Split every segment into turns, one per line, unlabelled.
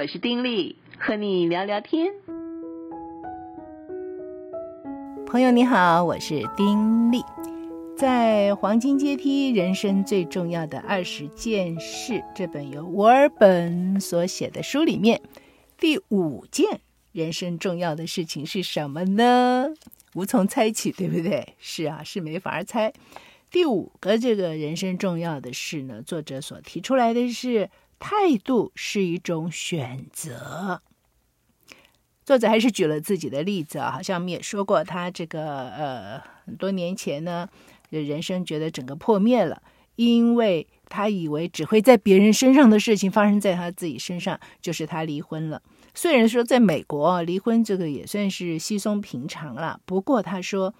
我是丁莉，和你聊聊天。朋友你好，我是丁莉。在《黃金階梯：人生最重要的二十件事》這本由沃爾本所寫的書裡面，第五件人生重要的事情是什麼呢？無從猜起，對不對？是啊，是沒法猜。第五個這個人生重要的事呢，作者所提出來的是。態度是一種選擇。作者還是舉了自己的例子啊，好像我們也說過，他這個呃很多年前呢，人生覺得整個破滅了，因為他以為只會在別人身上的事情發生在他自己身上，就是他離婚了。雖然說在美國啊，離婚這個也算是稀鬆平常了，不過他說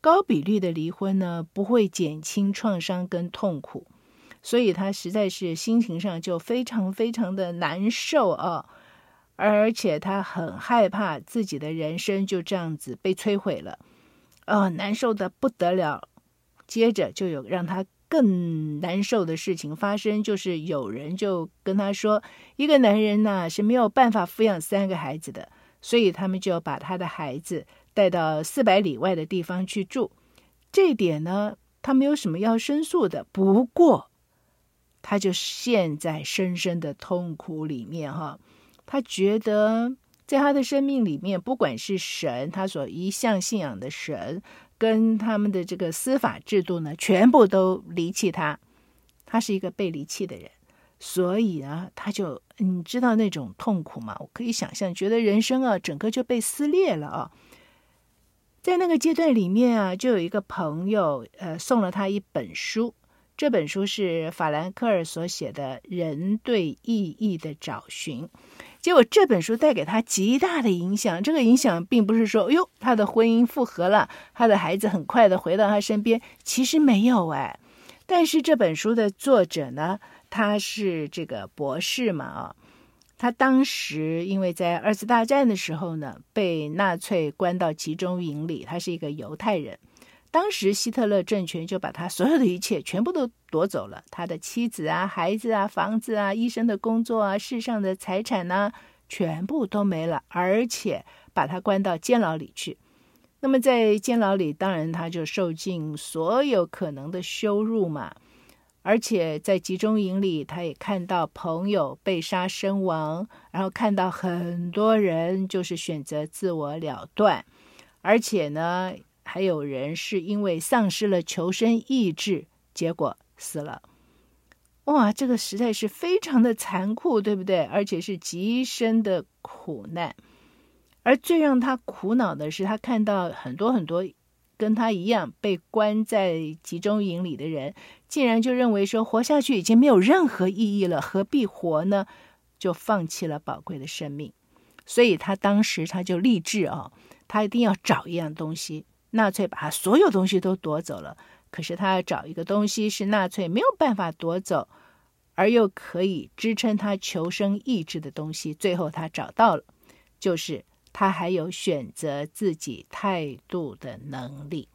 高比率的離婚呢，不會減輕創傷跟痛苦。所以，他實在是心情上就非常非常的難受啊、哦，而且他很害怕自己的人生就這樣子被摧毀了，啊、哦，難受的不得了。接着就有讓他更難受的事情發生，就是有人就跟他說，一個男人呢是沒有辦法撫養三個孩子的，所以他們就要把他的孩子帶到四百里外的地方去住。這點呢，他沒有什麼要申訴的，不過。他就陷在深深的痛苦裡面哈、啊，他覺得在他的生命裡面，不管是神，他所一向信仰的神，跟他們的這個司法制度呢，全部都離棄他，他是一個被離棄的人，所以啊，他就你知道那種痛苦嗎？我可以想象，覺得人生啊，整個就被撕裂了啊，在那個階段裡面啊，就有一個朋友呃送了他一本書。這本書是法蘭克爾所寫的《人對意義的找尋》，結果這本書帶給他極大的影響。這個影響並不是說，哎呦，他的婚姻復合了，他的孩子很快的回到他身邊，其實沒有哎。但是這本書的作者呢，他是這個博士嘛啊，他當時因為在二次大戰的時候呢，被納粹關到集中營裡，他是一個猶太人。當時希特勒政權就把他所有的一切全部都奪走了，他的妻子啊、孩子啊、房子啊、醫生的工作啊、世上的財產呢、啊，全部都沒了，而且把他關到監牢裡去。那麼在監牢裡，當然他就受盡所有可能的羞辱嘛，而且在集中營裡，他也看到朋友被殺身亡，然後看到很多人就是選擇自我了斷，而且呢，還有人是因為喪失了求生意志，結果死了。哇，這個時代是非常的殘酷，對不對？而且是極深的苦難。而最讓他苦惱的是，他看到很多很多跟他一樣被關在集中營裡的人，竟然就認為說活下去已經沒有任何意義了，何必活呢？就放棄了寶貴的生命。所以他當時他就立志啊、哦，他一定要找一樣東西。納粹把他所有東西都奪走了，可是他要找一個東西是納粹沒有辦法奪走，而又可以支撐他求生意志的東西。最後他找到了，就是他還有選擇自己態度的能力。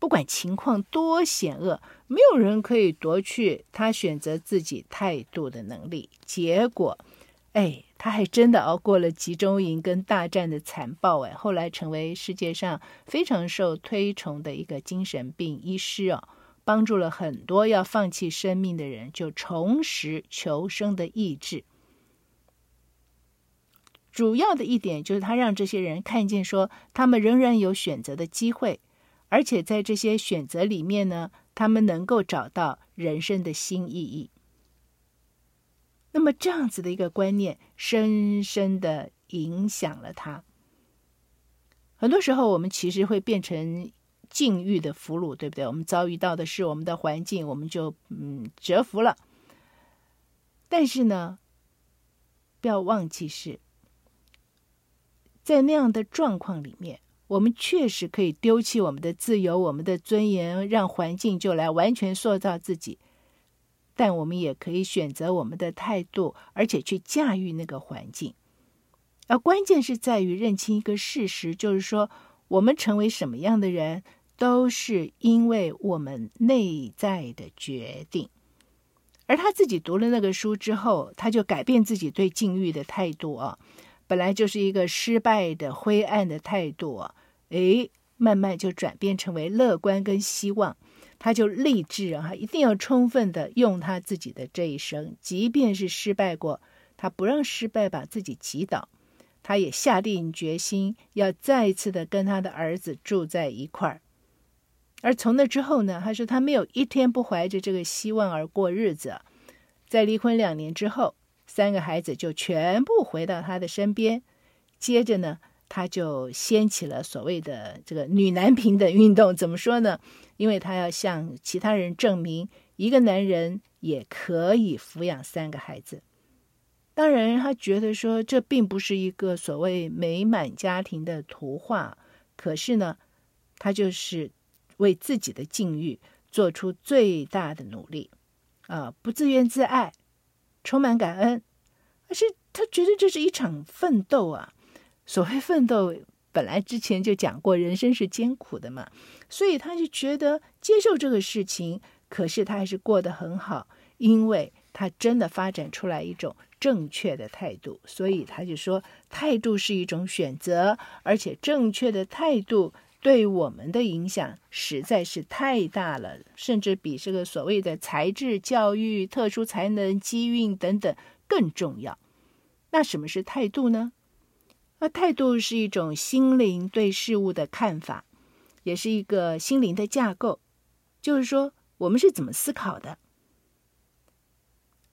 不管情況多險惡，沒有人可以奪去他選擇自己態度的能力。結果，哎。他還真的熬過了集中營跟大戰的殘暴，哎，後來成為世界上非常受推崇的一個精神病醫師哦，幫助了很多要放棄生命的人，就重拾求生的意志。主要的一點就是他讓這些人看見，說他們仍然有選擇的機會，而且在這些選擇裡面呢，他們能夠找到人生的新意義。那麼這樣子的一個觀念，深深的影響了他。很多時候，我們其實會變成境遇的俘虜，對不對？我們遭遇到的是我們的環境，我們就嗯折服了。但是呢，不要忘記是在那樣的狀況裡面，我們確實可以丟棄我們的自由、我們的尊嚴，讓環境就來完全塑造自己。但我們也可以選擇我們的態度，而且去駕馭那個環境。而關鍵是在於認清一個事實，就是說我們成為什麼樣的人，都是因為我們內在的決定。而他自己讀了那個書之後，他就改變自己對境遇的態度啊，本來就是一個失敗的灰暗的態度，哎，慢慢就轉變成為樂觀跟希望。他就立志啊，一定要充分的用他自己的這一生，即便是失敗過，他不讓失敗把自己擊倒，他也下定決心要再一次的跟他的兒子住在一塊兒。而從那之後呢，他說他沒有一天不懷着這個希望而過日子。在離婚兩年之後，三個孩子就全部回到他的身邊。接着呢。他就掀起了所謂的這個女男平等運動，怎麼說呢？因為他要向其他人證明，一個男人也可以撫養三個孩子。當然，他覺得說這並不是一個所謂美滿家庭的圖畫。可是呢，他就是為自己的境遇做出最大的努力，啊、呃，不自怨自艾，充滿感恩，而且他覺得這是一場奮鬥啊。所謂奮鬥，本來之前就講過，人生是艱苦的嘛，所以他就覺得接受這個事情，可是他還是過得很好，因為他真的發展出來一種正確的態度，所以他就說，態度是一種選擇，而且正確的態度對我們的影響實在是太大了，甚至比這個所謂的才智、教育、特殊才能、機運等等更重要。那什麼是態度呢？那態度是一種心靈對事物的看法，也是一個心靈的架構，就是說我們是怎麼思考的？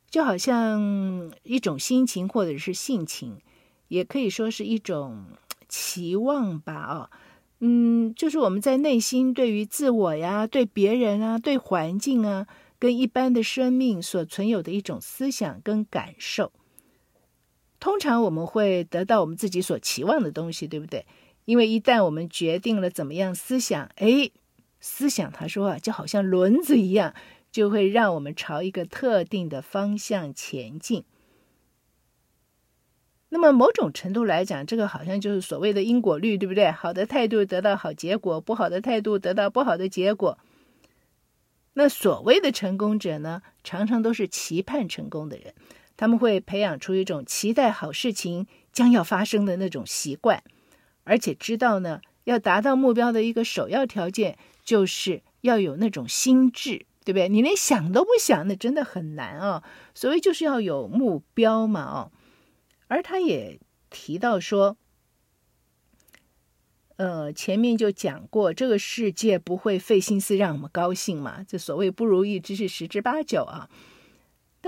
就好像一種心情或者是性情，也可以說是一種期望吧，哦。啊，嗯，就是我們在內心對於自我呀、對別人啊、對環境啊，跟一般的生命所存有的一種思想跟感受。通常我們會得到我們自己所期望的東西，對不對？因為一旦我們決定了怎麼樣思想，哎，思想他說啊，就好像輪子一樣，就會讓我們朝一個特定的方向前進。那麼某種程度來講，這個好像就是所謂的因果律，對不對？好的態度得到好結果，不好的態度得到不好的結果。那所謂的成功者呢，常常都是期盼成功的人。他們會培養出一種期待好事情將要發生的那種習慣，而且知道呢，要達到目標的一個首要條件就是要有那種心智，對不對？你連想都不想，那真的很難啊、哦。所謂就是要有目標嘛，哦。而他也提到說，呃，前面就講過，這個世界不會費心思讓我們高興嘛，這所謂不如意之事十之八九啊。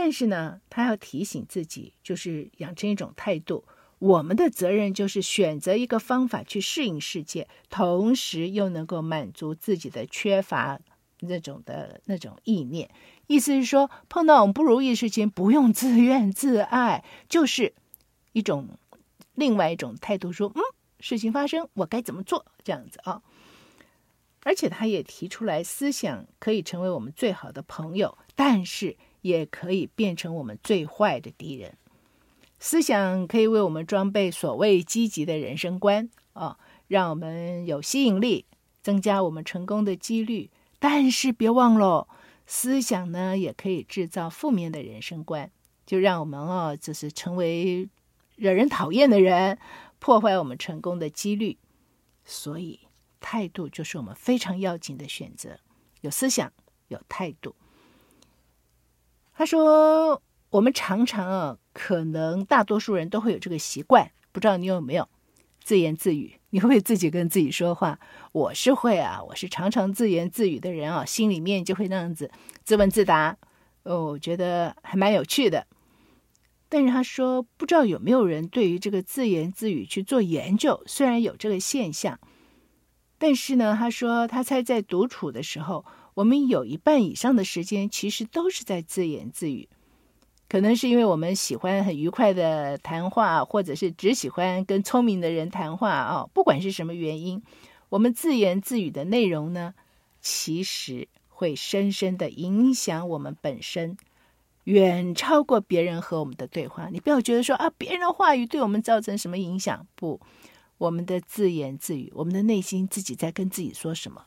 但是呢，他要提醒自己，就是養成一種態度。我們的責任就是選擇一個方法去適應世界，同時又能夠滿足自己的缺乏那種的那種意念。意思是說，碰到我們不如意的事情，不用自怨自艾，就是一種另外一種態度說，說嗯，事情發生，我該怎麼做這樣子啊、哦。而且他也提出來，思想可以成為我們最好的朋友，但是。也可以變成我們最壞的敵人。思想可以為我們裝備所謂積極的人生觀啊、哦，讓我們有吸引力，增加我們成功的幾率。但是別忘了，思想呢也可以制造負面的人生觀，就讓我們哦，就是成為惹人討厭的人，破壞我們成功的幾率。所以，態度就是我們非常要緊的選擇，有思想，有態度。他說：“我們常常啊，可能大多數人都會有這個習慣，不知道你有沒有自言自語？你會不會自己跟自己說話？我是會啊，我是常常自言自語的人啊，心裡面就會那樣子自問自答，哦，我覺得還蠻有趣的。但是他說，不知道有沒有人對於這個自言自語去做研究？雖然有這個現象，但是呢，他說他猜在獨處的時候。”我們有一半以上的時間，其實都是在自言自語，可能是因為我們喜歡很愉快的談話，或者是只喜歡跟聰明的人談話啊、哦。不管是什麼原因，我們自言自語的內容呢，其實會深深的影響我們本身，遠超過別人和我們的對話。你不要覺得說啊，別人的話語對我們造成什麼影響，不，我們的自言自語，我們的內心自己在跟自己說什麼。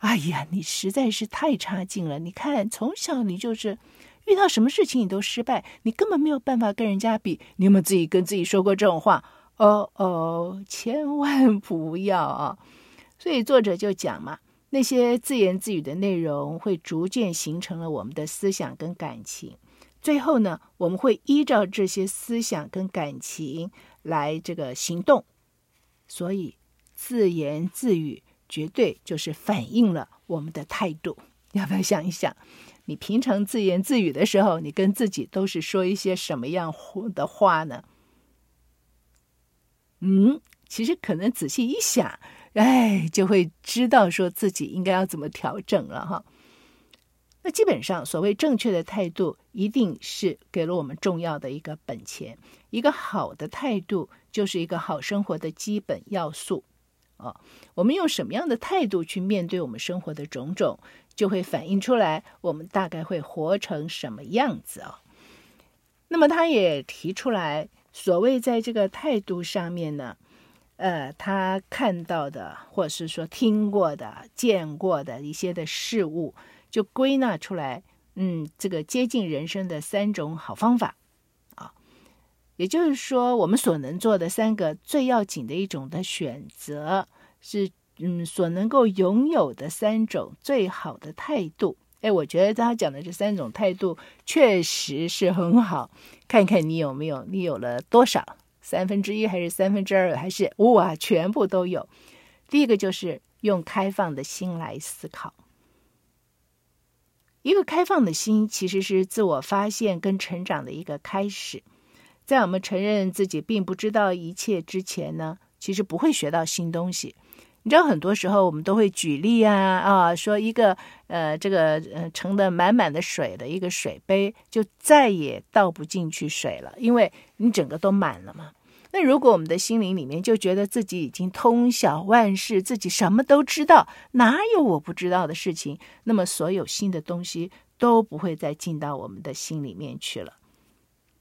哎呀，你實在是太差勁了！你看，從小你就是遇到什麼事情你都失敗，你根本沒有辦法跟人家比。你有沒有自己跟自己說過這種話？哦哦，千萬不要啊！所以作者就講嘛，那些自言自語的內容會逐漸形成了我們的思想跟感情，最後呢，我們會依照這些思想跟感情來這個行動。所以，自言自語。絕對就是反映了我們的態度，要不要想一想？你平常自言自語的時候，你跟自己都是說一些什麼樣的話呢？嗯，其實可能仔細一想，哎，就會知道說自己應該要怎麼調整了哈。那基本上，所謂正確的態度，一定是給了我們重要的一個本錢。一個好的態度，就是一個好生活的基本要素。哦，我們用什麼樣的態度去面對我們生活的種種，就會反映出來我們大概會活成什麼樣子啊，哦。那麼他也提出來，所謂在這個態度上面呢，呃，他看到的或者是說聽過的、見過的一些的事物，就歸納出來，嗯，這個接近人生的三種好方法。也就是說，我們所能做的三個最要緊的一種的選擇是，嗯，所能夠擁有的三種最好的態度。哎，我覺得他講的這三種態度確實是很好。看看你有沒有，你有了多少？三分之一還是三分之二，還是哇，全部都有。第一個就是用開放的心來思考。一個開放的心其實是自我發現跟成長的一個開始。在我們承認自己並不知道一切之前呢，其實不會學到新東西。你知道，很多時候我們都會舉例啊啊，說一個呃，這個呃盛的滿滿的水的一個水杯，就再也倒不進去水了，因為你整個都滿了嘛。那如果我們的心靈裡面就覺得自己已經通曉萬事，自己什麼都知道，哪有我不知道的事情？那麼所有新的東西都不會再進到我們的心裡面去了。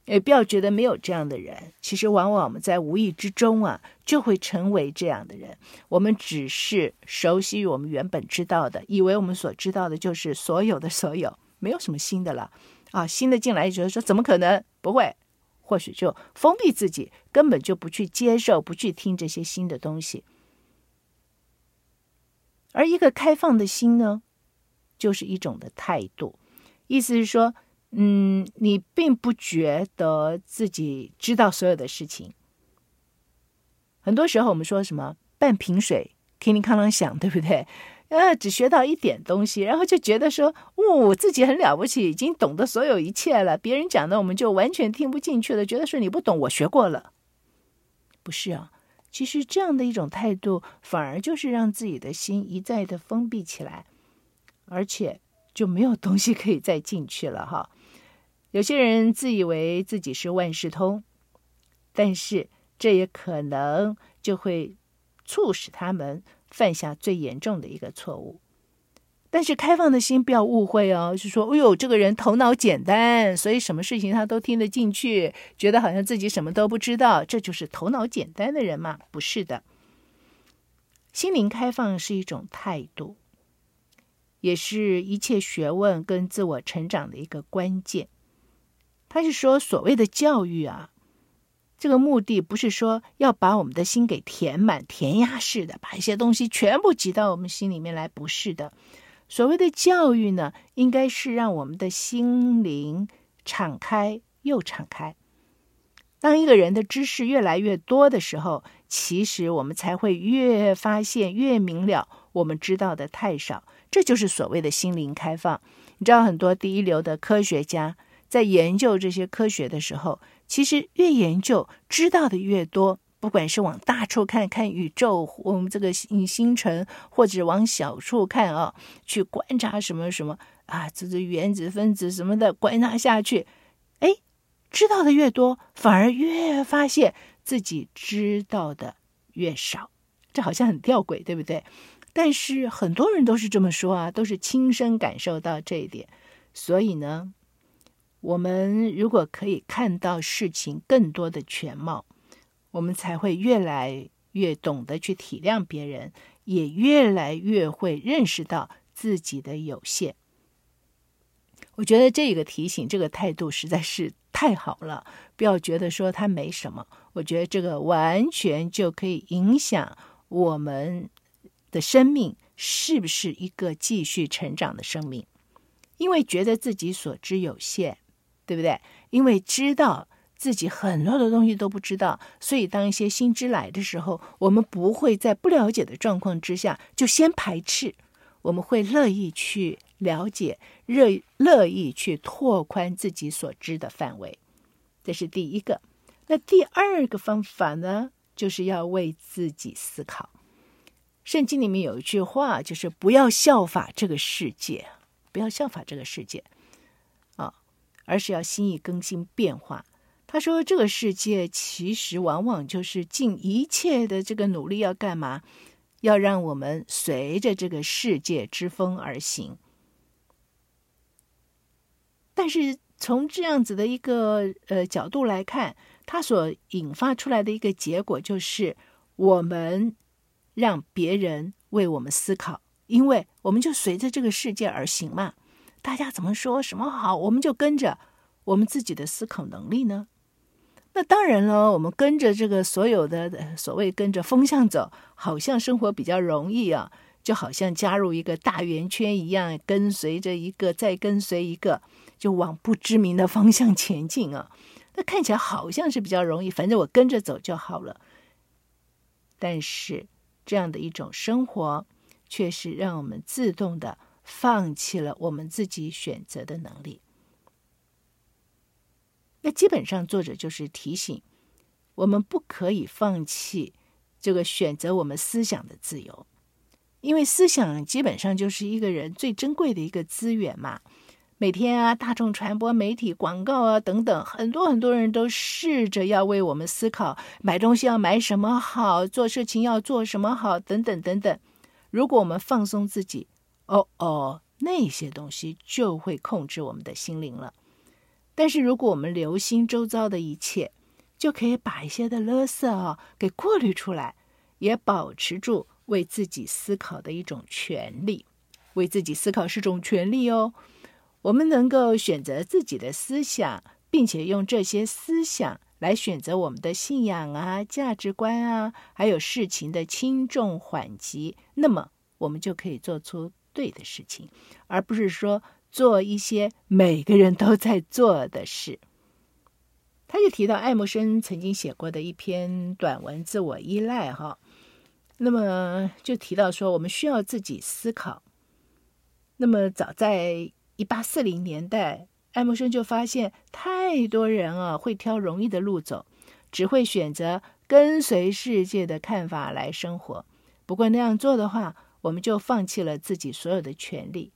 也不要覺得沒有這樣的人，其實往往我們在無意之中啊，就會成為這樣的人。我們只是熟悉我們原本知道的，以為我們所知道的就是所有的所有，沒有什麼新的了啊。新的進來就覺得說怎麼可能不會？或許就封閉自己，根本就不去接受、不去聽這些新的東西。而一個開放的心呢，就是一種的態度，意思是說。嗯，你並不覺得自己知道所有的事情。很多時候，我們說什麼半瓶水，叮叮哐啷響，對不對？呃、啊，只學到一點東西，然後就覺得說，哦，自己很了不起，已經懂得所有一切了。別人講的，我們就完全聽不進去了，覺得說你不懂，我學過了。不是啊，其實這樣的一種態度，反而就是讓自己的心一再的封閉起來，而且就沒有東西可以再進去了哈。有些人自以為自己是萬事通，但是這也可能就會促使他們犯下最嚴重的一個錯誤。但是開放的心不要誤會哦，是說哎呦，這個人頭腦簡單，所以什麼事情他都聽得進去，覺得好像自己什麼都不知道，這就是頭腦簡單的人嘛？不是的。心靈開放是一種態度，也是一切學問跟自我成長的一個關鍵。他是說，所謂的教育啊，這個目的不是說要把我們的心給填滿、填鴨式的，把一些東西全部擠到我們心裡面來。不是的，所謂的教育呢，應該是讓我們的心靈敞開又敞開。當一個人的知識越來越多的時候，其實我們才會越發現越明了，我們知道的太少。這就是所謂的心靈開放。你知道，很多第一流的科學家。在研究這些科學的時候，其實越研究知道的越多。不管是往大處看看，看宇宙，我們這個星星辰，或者往小處看啊、哦，去觀察什麼什麼啊，這是原子分子什麼的觀察下去，哎，知道的越多，反而越發現自己知道的越少。這好像很吊詭，對不對？但是很多人都是這麼說啊，都是親身感受到這一點。所以呢？我們如果可以看到事情更多的全貌，我們才會越來越懂得去體諒別人，也越來越會認識到自己的有限。我覺得這個提醒，這個態度實在是太好了，不要覺得說它沒什麼。我覺得這個完全就可以影響我們的生命是不是一個繼續成長的生命，因為覺得自己所知有限。對不對？因為知道自己很多的東西都不知道，所以當一些新知來的時候，我們不會在不了解的狀況之下就先排斥，我們會樂意去了解，樂樂意去拓寬自己所知的範圍。這是第一個。那第二個方法呢，就是要為自己思考。聖經裡面有一句話，就是不要效法這個世界，不要效法這個世界。而是要心意更新變化。他說：“這個世界其實往往就是盡一切的這個努力要幹嘛？要讓我們隨着這個世界之風而行。但是從這樣子的一個呃角度來看，它所引發出來的一個結果就是，我們讓別人為我們思考，因為我們就隨着這個世界而行嘛。”大家怎麼說什麼好，我們就跟着我們自己的思考能力呢？那當然了，我們跟着這個所有的所謂跟着風向走，好像生活比較容易啊，就好像加入一個大圓圈一樣，跟隨着一個再跟隨一個，就往不知名的方向前進啊。那看起來好像是比較容易，反正我跟着走就好了。但是這樣的一種生活，卻是讓我們自動的。放棄了我們自己選擇的能力，那基本上作者就是提醒我們不可以放棄這個選擇我們思想的自由，因為思想基本上就是一個人最珍貴的一個資源嘛。每天啊，大眾傳播媒體、廣告啊等等，很多很多人都試着要為我們思考，買東西要買什麼好，做事情要做什麼好，等等等等。如果我們放鬆自己，哦哦，oh, oh, 那些東西就會控制我們的心靈了。但是如果我們留心周遭的一切，就可以把一些的垃圾、哦、給過濾出來，也保持住為自己思考的一種權利。為自己思考是種權利哦。我們能夠選擇自己的思想，並且用這些思想來選擇我們的信仰啊、價值觀啊，還有事情的輕重緩急。那麼我們就可以做出。對的事情，而不是說做一些每個人都在做的事。他就提到愛默生曾經寫過的一篇短文《自我依賴》哈，那麼就提到說我們需要自己思考。那麼早在一八四零年代，愛默生就發現太多人啊會挑容易的路走，只會選擇跟隨世界的看法來生活。不過那樣做的話，我們就放棄了自己所有的權利，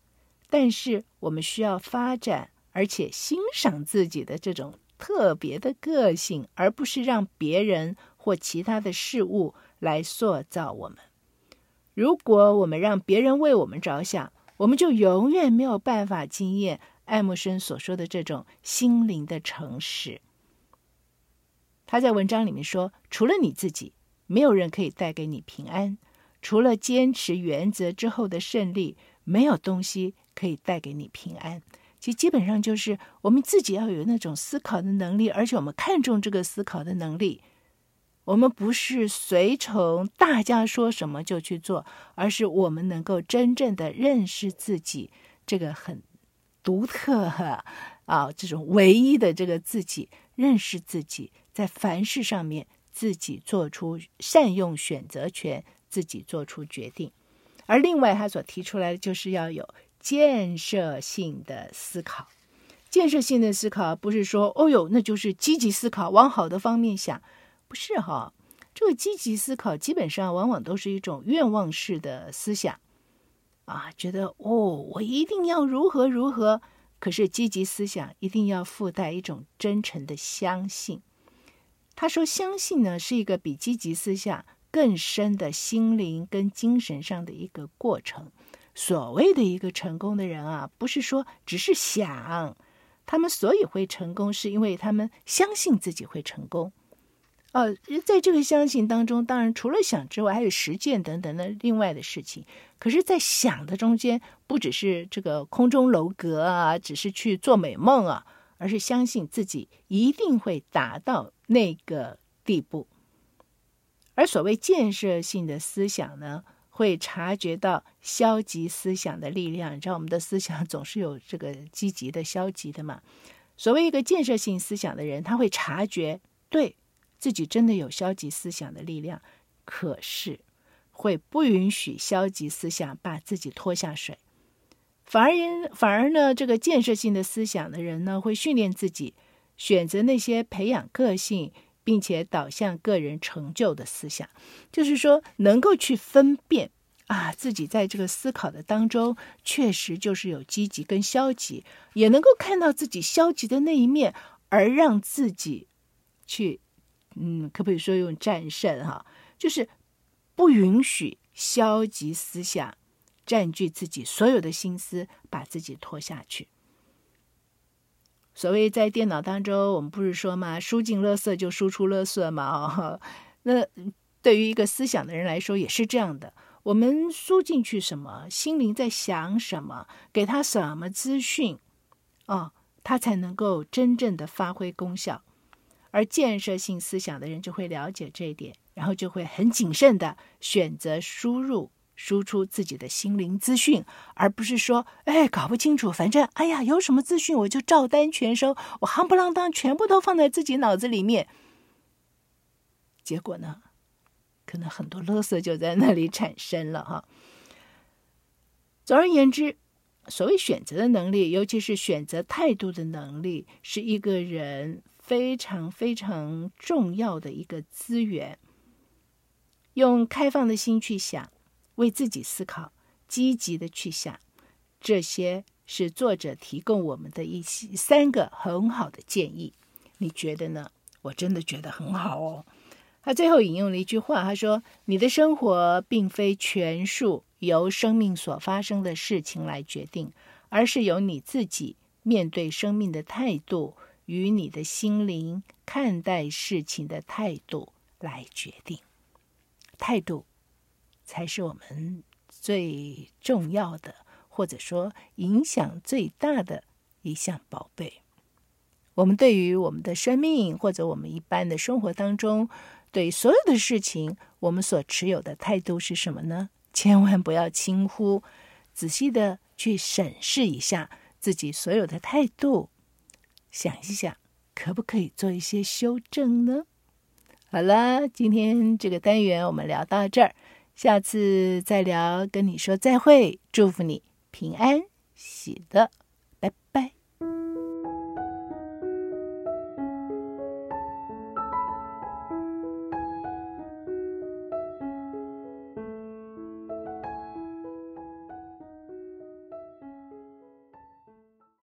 但是我們需要發展，而且欣賞自己的這種特別的個性，而不是讓別人或其他的事物來塑造我們。如果我們讓別人為我們着想，我們就永遠沒有辦法經驗愛默生所說的這種心靈的誠實。他在文章裡面說：“除了你自己，沒有人可以帶給你平安。”除了堅持原則之後的勝利，沒有東西可以帶給你平安。其實，基本上就是我們自己要有那種思考的能力，而且我們看重這個思考的能力。我們不是隨從大家說什麼就去做，而是我們能夠真正的認識自己，這個很獨特啊，啊，這種唯一的這個自己，認識自己，在凡事上面自己做出善用選擇權。自己做出決定，而另外他所提出來的就是要有建設性的思考。建設性的思考不是說哦喲，那就是積極思考，往好的方面想，不是哈、哦？這個積極思考基本上往往都是一種願望式的思想啊，覺得哦，我一定要如何如何。可是積極思想一定要附帶一種真誠的相信。他說，相信呢是一個比積極思想。更深的心靈跟精神上的一個過程。所謂的一個成功的人啊，不是說只是想，他們所以會成功，是因為他們相信自己會成功，呃，在這個相信當中，當然除了想之外，還有實踐等等的另外的事情。可是，在想的中間，不只是這個空中樓閣啊，只是去做美夢啊，而是相信自己一定會達到那個地步。而所謂建設性的思想呢，會察覺到消極思想的力量。你知道，我們的思想總是有這個積極的、消極的嘛。所謂一個建設性思想的人，他會察覺對自己真的有消極思想的力量，可是會不允許消極思想把自己拖下水。反而因，反而呢，這個建設性的思想的人呢，會訓練自己選擇那些培養個性並且導向個人成就的思想，就是說能夠去分辨啊，自己在這個思考的當中，確實就是有積極跟消極，也能夠看到自己消極的那一面，而讓自己去，嗯，可不可以說用戰勝哈，啊，就是不允許消極思想佔據自己所有的心思，把自己拖下去。所謂在電腦當中，我們不是說嘛，輸進垃圾就輸出垃圾嘛？哦，那對於一個思想的人來說也是這樣的。我們輸進去什麼，心靈在想什麼，給他什麼資訊，哦，他才能夠真正的發揮功效。而建設性思想的人就會了解這一點，然後就會很謹慎的選擇輸入。輸出自己的心靈資訊，而不是說“哎，搞不清楚，反正哎呀，有什麼資訊我就照單全收，我夯不啷當，全部都放在自己腦子裡面。結果呢，可能很多垃圾就在那裡產生了哈。總而言之，所謂選擇的能力，尤其是選擇態度的能力，是一個人非常非常重要的一個資源。用開放的心去想。為自己思考，積極的去想，這些是作者提供我們的一些三個很好的建議。你覺得呢？我真的覺得很好哦。他最後引用了一句話，他說：“你的生活並非全數由生命所發生的事情來決定，而是由你自己面對生命的態度與你的心靈看待事情的態度來決定。”態度。才是我們最重要的，或者說影響最大的一項寶貝。我們對於我們的生命，或者我們一般的生活當中，對所有的事情，我們所持有的態度是什麼呢？千萬不要輕忽，仔細的去審視一下自己所有的態度，想一想，可不可以做一些修正呢？好了，今天這個單元我們聊到這兒。下次再聊，跟你說再會，祝福你平安喜樂。